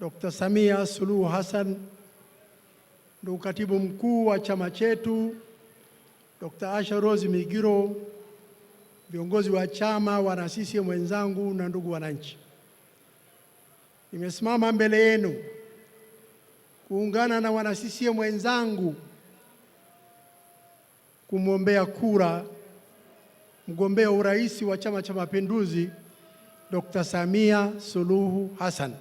Dr. Samia Suluhu Hassan, ndugu katibu mkuu wa chama chetu Dr. Asha Rose Migiro, viongozi wa chama, wana CCM wenzangu na ndugu wananchi, nimesimama mbele yenu kuungana na wana CCM wenzangu kumwombea kura mgombea urais wa Chama cha Mapinduzi Dr. Samia Suluhu Hassan.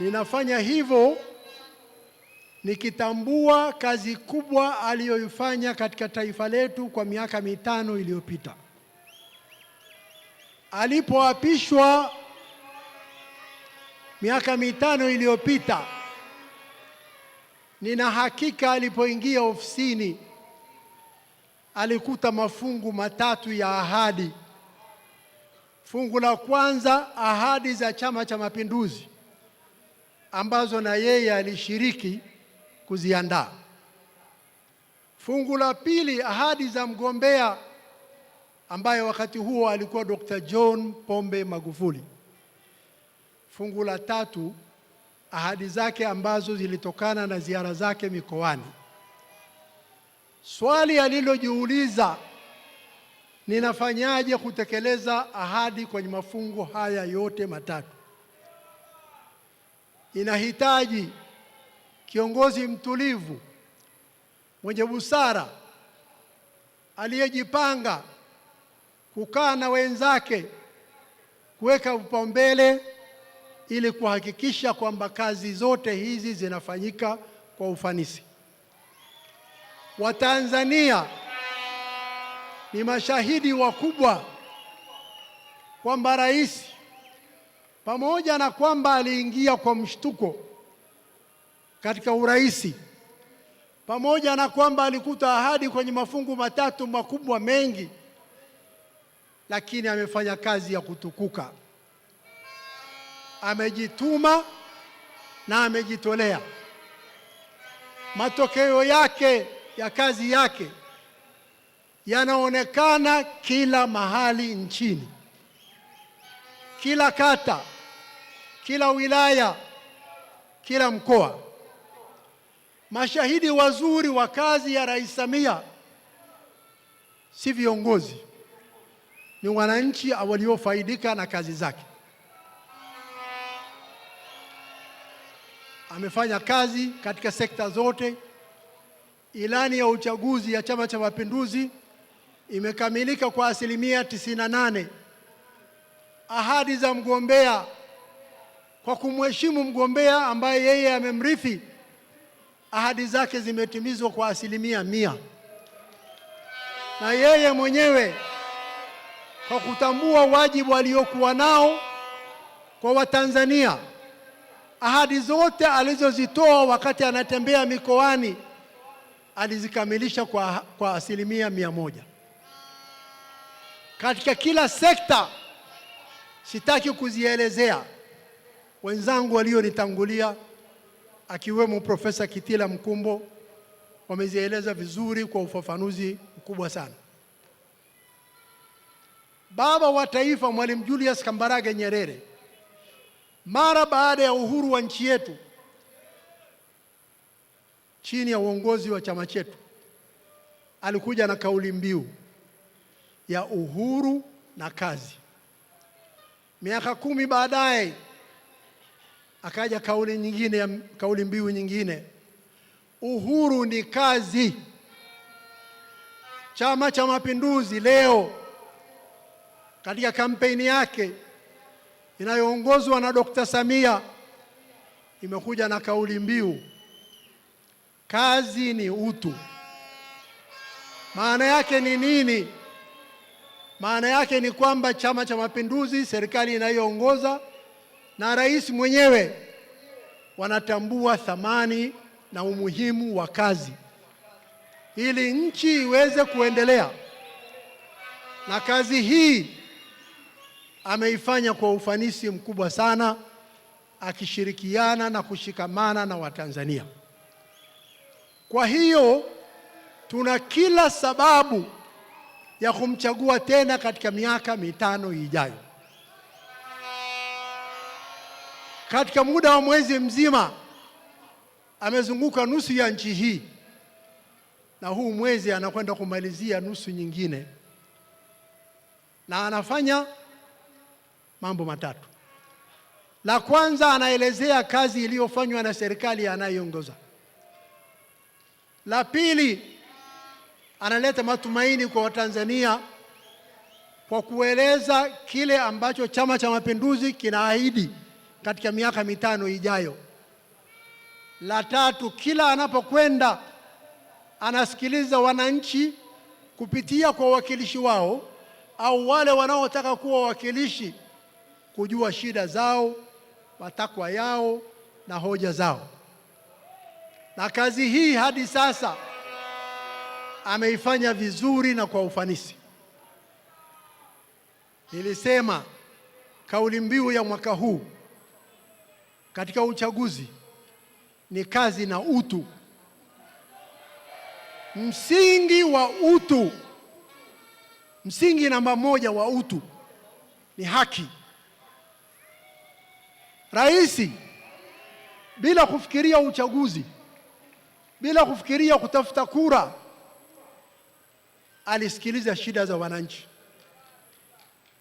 Ninafanya hivyo nikitambua kazi kubwa aliyoifanya katika taifa letu kwa miaka mitano iliyopita. Alipoapishwa miaka mitano iliyopita, nina hakika alipoingia ofisini alikuta mafungu matatu ya ahadi. Fungu la kwanza, ahadi za Chama cha Mapinduzi ambazo na yeye alishiriki kuziandaa. Fungu la pili, ahadi za mgombea ambaye wakati huo alikuwa Dr. John Pombe Magufuli. Fungu la tatu, ahadi zake ambazo zilitokana na ziara zake mikoani. Swali alilojiuliza ninafanyaje kutekeleza ahadi kwenye mafungu haya yote matatu? inahitaji kiongozi mtulivu mwenye busara aliyejipanga kukaa na wenzake kuweka vipaumbele ili kuhakikisha kwamba kazi zote hizi zinafanyika kwa ufanisi. Watanzania ni mashahidi wakubwa kwamba rais pamoja na kwamba aliingia kwa mshtuko katika uraisi, pamoja na kwamba alikuta ahadi kwenye mafungu matatu makubwa mengi, lakini amefanya kazi ya kutukuka, amejituma na amejitolea. Matokeo yake ya kazi yake yanaonekana kila mahali nchini, kila kata kila wilaya, kila mkoa. Mashahidi wazuri wa kazi ya Rais Samia si viongozi, ni wananchi waliofaidika na kazi zake. Amefanya kazi katika sekta zote. Ilani ya uchaguzi ya Chama cha Mapinduzi imekamilika kwa asilimia 98. Ahadi za mgombea kwa kumheshimu mgombea ambaye yeye amemrithi, ahadi zake zimetimizwa kwa asilimia mia, na yeye mwenyewe kwa kutambua wajibu aliokuwa nao kwa Watanzania, ahadi zote alizozitoa wakati anatembea mikoani alizikamilisha kwa, kwa asilimia mia moja katika kila sekta. Sitaki kuzielezea. Wenzangu walionitangulia akiwemo Profesa Kitila Mkumbo wamezieleza vizuri kwa ufafanuzi mkubwa sana. Baba wa Taifa Mwalimu Julius Kambarage Nyerere mara baada ya uhuru wa nchi yetu chini ya uongozi wa chama chetu alikuja na kauli mbiu ya uhuru na kazi. Miaka kumi baadaye Akaja kauli nyingine ya kauli mbiu nyingine, uhuru ni kazi. Chama cha Mapinduzi leo katika kampeni yake inayoongozwa na Dr. Samia imekuja na kauli mbiu kazi ni utu. Maana yake ni nini? Maana yake ni kwamba Chama cha Mapinduzi, serikali inayoongoza na rais mwenyewe wanatambua thamani na umuhimu wa kazi ili nchi iweze kuendelea, na kazi hii ameifanya kwa ufanisi mkubwa sana, akishirikiana na kushikamana na Watanzania. Kwa hiyo tuna kila sababu ya kumchagua tena katika miaka mitano ijayo. katika muda wa mwezi mzima amezunguka nusu ya nchi hii, na huu mwezi anakwenda kumalizia nusu nyingine, na anafanya mambo matatu. La kwanza, anaelezea kazi iliyofanywa na serikali anayoongoza. La pili, analeta matumaini kwa Watanzania kwa kueleza kile ambacho Chama cha Mapinduzi kinaahidi katika miaka mitano ijayo. La tatu, kila anapokwenda anasikiliza wananchi kupitia kwa wawakilishi wao au wale wanaotaka kuwa wawakilishi, kujua shida zao, matakwa yao na hoja zao, na kazi hii hadi sasa ameifanya vizuri na kwa ufanisi. Nilisema kauli mbiu ya mwaka huu katika uchaguzi ni kazi na utu. Msingi wa utu, msingi namba moja wa utu ni haki. Rais bila kufikiria uchaguzi, bila kufikiria kutafuta kura, alisikiliza shida za wananchi,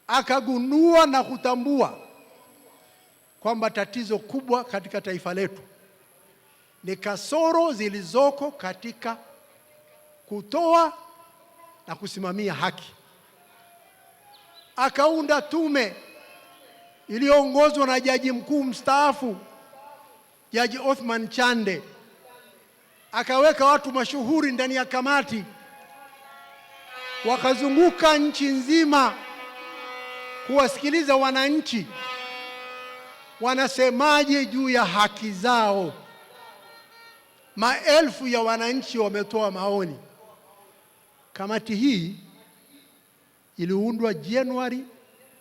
akagundua na kutambua kwamba tatizo kubwa katika taifa letu ni kasoro zilizoko katika kutoa na kusimamia haki. Akaunda tume iliyoongozwa na jaji mkuu mstaafu Jaji Othman Chande, akaweka watu mashuhuri ndani ya kamati, wakazunguka nchi nzima kuwasikiliza wananchi wanasemaje juu ya haki zao. Maelfu ya wananchi wametoa maoni. Kamati hii iliundwa Januari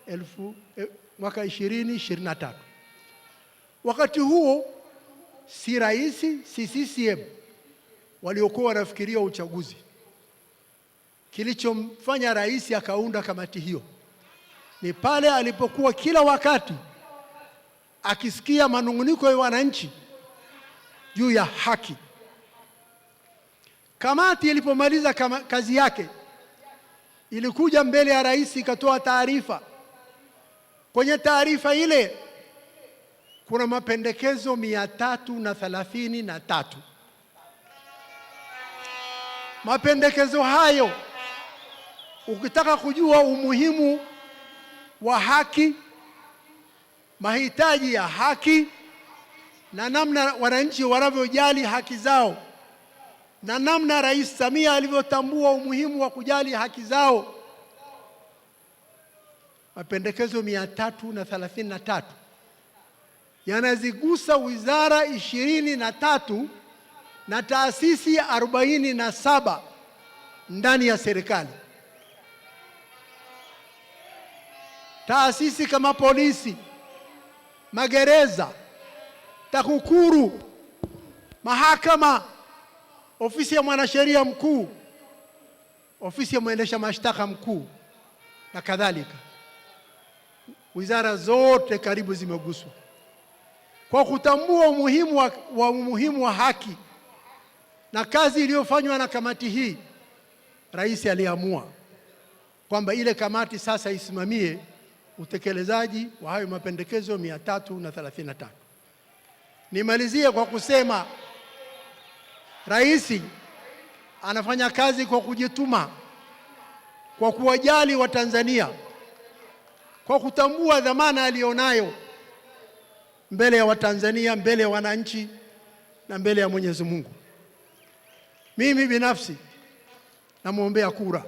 elfu, eh, mwaka tatu. Wakati huo si rais si CCM waliokuwa wanafikiria uchaguzi. Kilichomfanya rais akaunda kamati hiyo ni pale alipokuwa kila wakati akisikia manunguniko ya wananchi juu ya haki. Kamati ilipomaliza kama kazi yake ilikuja mbele ya rais ikatoa taarifa. Kwenye taarifa ile kuna mapendekezo mia tatu na thelathini na tatu. Mapendekezo hayo ukitaka kujua umuhimu wa haki mahitaji ya haki na namna wananchi wanavyojali haki zao na namna Rais Samia alivyotambua umuhimu wa kujali haki zao. Mapendekezo mia tatu na thelathini na tatu yanazigusa wizara ishirini na tatu na taasisi arobaini na saba ndani ya serikali. Taasisi kama polisi magereza, TAKUKURU, mahakama, ofisi ya mwanasheria mkuu, ofisi ya mwendesha mashtaka mkuu na kadhalika. Wizara zote karibu zimeguswa kwa kutambua umuhimu wa, wa umuhimu wa haki na kazi iliyofanywa na kamati hii. Rais aliamua kwamba ile kamati sasa isimamie utekelezaji wa hayo mapendekezo mia tatu na Nimalizie kwa kusema Rais anafanya kazi kwa kujituma, kwa kuwajali Watanzania, kwa kutambua dhamana aliyonayo mbele ya Watanzania, mbele ya wananchi na mbele ya Mwenyezi Mungu. Mimi binafsi namwombea kura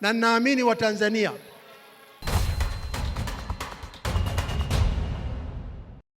na ninaamini Watanzania